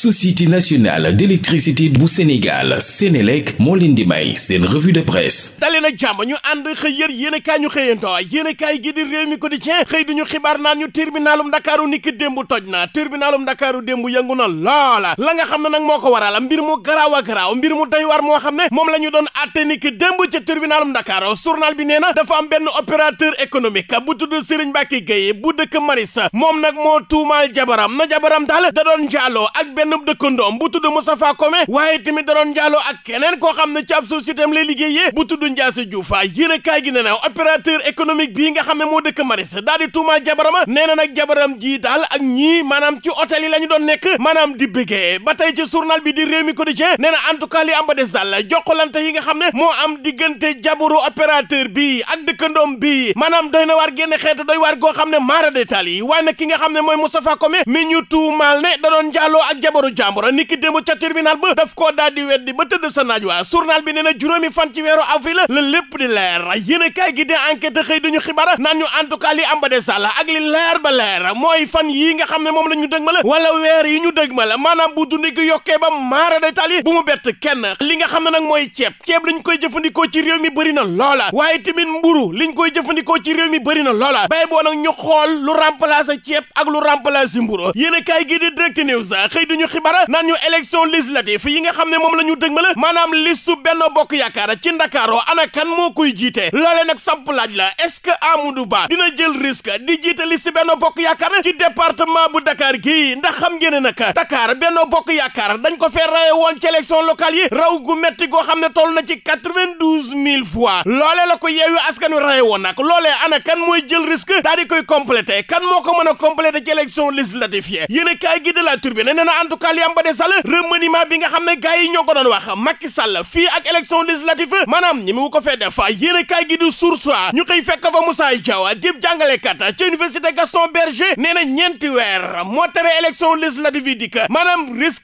société nationale d'électricité bu Sénégal Sénélec moo leen di may seen revue de presse dali nag jàmm ñu ànd xëy yër yéen kaay ñu xëyantoo yéen kaay gi di réew mi quotidien xëy ñu xibaar naan ñu tribunalum Ndakaaru niki démb toj na tribunalum Ndakaaru démb yëngu na loola la nga xam ne nag moo ko waral mbir mu garaaw a garaaw mbir mu doy war moo xam ne moom la ñu doon àtte niki démb ci tribunalum Ndakaaru journal bi nee na dafa am benn opérateur économique bu tudd Serigne bu dëkk Marissa moom nag moo tuumaal jabaram na jabaram daal da doon njaaloo benn benn da doon njaaloo ak keneen koo xam ne ci ab société am lay liggéeyee bu tudd Ndiasse Diouf yéen a kaay gi ne na opérateur nga xam ne moo dëkk Maris daal di tuumaal jabarama nee na nag jabaram ji daal ak ñii maanaam ci hôtel yi la ñu doon nekk maanaam di bëggee ba tey ci journal bi di Rewmi Quotidien nee na en tout cas li am ba des daal jokkalante yi nga xam ne moo am diggante jabaru opérateur bi ak dëkkandoom bi maanaam doy na waar génn xeetu doy waar goo xam ne maara détail yi waaye nag ki nga xam ne mooy Moustapha Kome mi ñu tuumaal ne da doon njaaloo ak jabar jabaru jàmboro niki démb ca tribunal ba daf koo daal di ba tëdd sa naaj waa journal bi nee na juróomi fan ci weeru avril la lépp di leer yéen a kaay gi di enquête xëy duñu xibaar naan ñu en tout cas li ba des sàll ak li leer ba leer mooy fan yii nga xam ne moom la ñu ma la wala weer yi ñu dëg ma la maanaam bu dundi gi yokkee ba maara day taal bu mu bett kenn li nga xam ne nag mooy ceeb ceeb liñ koy jëfandikoo ci réew mi bëri na loola waaye ci mi bëri na loola bay boo nag ñu xool lu remplacer ceeb ak lu remplacer mburu yéen a xibaar naan ñu élection législative yi nga xam ne moom la ñu dëgmal maanaam listu benn bokk yaakaar ci ndakaaro na kan moo koy jiite loolee nag samp laaj la est-ce que Amadou Ba dina jël risque di jiite listu benn bokk yaakaar ci département bu Dakar gii ndax xam ngeen ne nag Dakar benn bokk yaakaar dañ ko fee raye woon ci élection locale yi raw gu métti goo xam ne toll na ci quatre-vingt-douze mille fois loolee la ko yeewu askan wi raye woon nag loolee ana kan mooy jël risque moo ko mën a complété ci élection législative yi yéen local yi am ba a kaay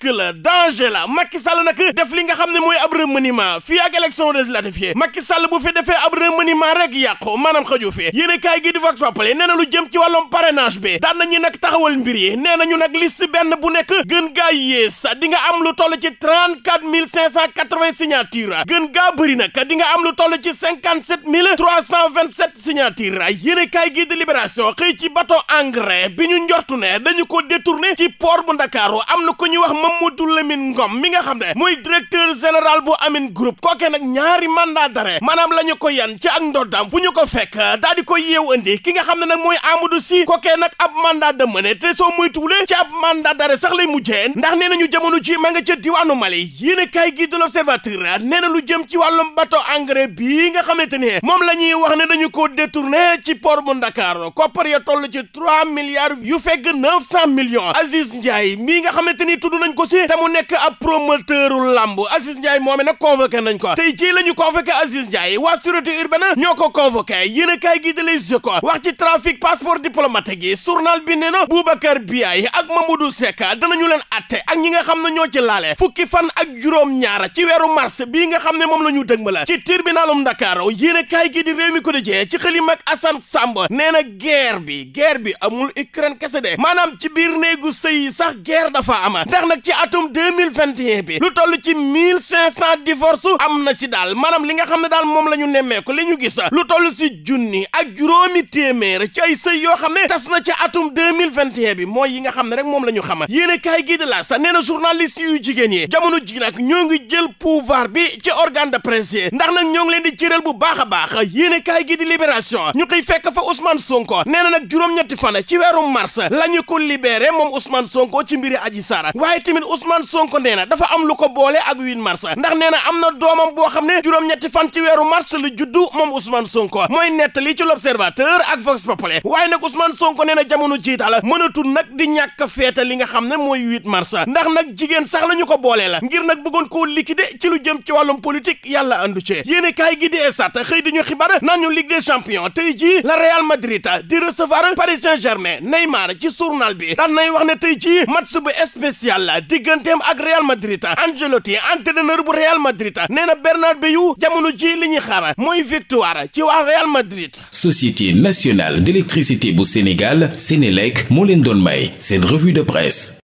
la danger la Macky Sall def li nga xam ne mooy ab remaniement fii ak élection législative yi Macky bu fi defee ab remaniement rek yàqu maanaam xaju fi yéen a gi di Vox Populi nee na lu jëm ci wàllum parrainage bi daan nañu nag taxawal mbir yi nee nañu nag liste benn bu nekk gën gaa yaa yées di nga am lu toll ci trente quatre mille cinq cent quatre vingt signature gën gaa bëri nag di nga am lu toll ci cinquante sept mille cent vingt sept signature yéene kaay gi di libération xëy ci bateau engrais bi ñu njortu ne dañu ko détourné ci port bu Ndakaaru am na ko ñuy wax Mamadou Lamine Ngom mi nga xam ne mooy directeur général bu Amine Group kooke nag ñaari mandat d'arrêt maanaam la ñu ko yan ci ak ndoddam fu ñu ko fekk daal di ko yeew indi ki nga xam ne nag mooy Amadou Sy kooke nag ab mandat de mener te soo moytuwulee ci ab mandat d'arrêt sax lay mujjee ndax nee nañu jamono ji ma nga ca diwaanu Mali yéen kaay gi de l'Observateur nee na lu jëm ci wàllum bateau engrais bii nga xamante ni moom la ñuy wax ne dañu ko détourné ci port bu Ndakaaru koppar ya toll ci trois milliards yu fekk neuf cent millions Aziz Ndiaye mii nga xamante ni tudd nañ ko si te mu nekk ab promoteuru lamb Aziz Ndiaye moom nag convoqué nañ ko tey jii la ñu convoqué Aziz Ndiaye waa sûreté urbaine ñoo ko convoqué yéen kaay gi de Les Échos wax ci trafic passeport diplomatique yi journal bi nee na Boubacar Biaye ak Mamadou Seck leen at te ak ñi nga xam ne ñoo ci laale fukki fan ak juróom ñaara ci weeru mars bii nga xam ne moom la ñu ma la ci tribunalum Dakar yéen a kaay gi di réew mi ko di jee ci xëlim ak Assane Samb nee na guerre bi ger bi amul Ukraine kese de maanaam ci biir néegu sëy sax ger dafa ama ndax nag ci atum 2021 bi lu toll ci 1500 divorce am na si daal maanaam li nga xam ne daal moom la ñu nemmeeku li ñu gis lu toll si junni ak juróomi téeméer ci ay sëy yoo xam ne tas na ci atum 2021 bi mooy yi nga xam ne rek moom la ñu xama yéen kaay gi las sa na journaliste yu jigéen yi jamono ji nag ñoo ngi jël pouvoir bi ci organe de presse yi ndax nag ñoo ngi leen di cëral bu baax a baax yéene kaay gi di libération ñu koy fekk fa Ousmane Sonko nee na nag juróom-ñetti fan ci weeru mars la ñu ko libéré moom Ousmane Sonko ci mbiri Adji Sarr waaye tamit Ousmane Sonko nee na dafa am lu ko boole ak 8 mars ndax nee na am na doomam boo xam ne juróom-ñetti fan ci weeru mars lu juddu moom Ousmane Sonko mooy nettali ci l'Observateur ak Vox Populi waaye na li nga xam ne mars ndax nag jigéen sax la ñu ko boole la ngir nag bëggoon koo liquider ci lu jëm ci wàllum politique yàlla andu ci yéene kaay gi di esat xëy di ñu xibaar naan ñu ligue des champions tey jii la Real Madrid di recevoir Paris Saint-Germain Neymar ci journal bi daan nay wax ne tey jii match bu spécial la digganteem ak Real Madrid Ancelotti entraîneur bu Real Madrid nee na Bernabéu jamono ji li ñuy xaar mooy victoire ci waa Real Madrid. Société nationale d'électricité bu Sénégal Sénélec moo leen doon may seen revue de presse.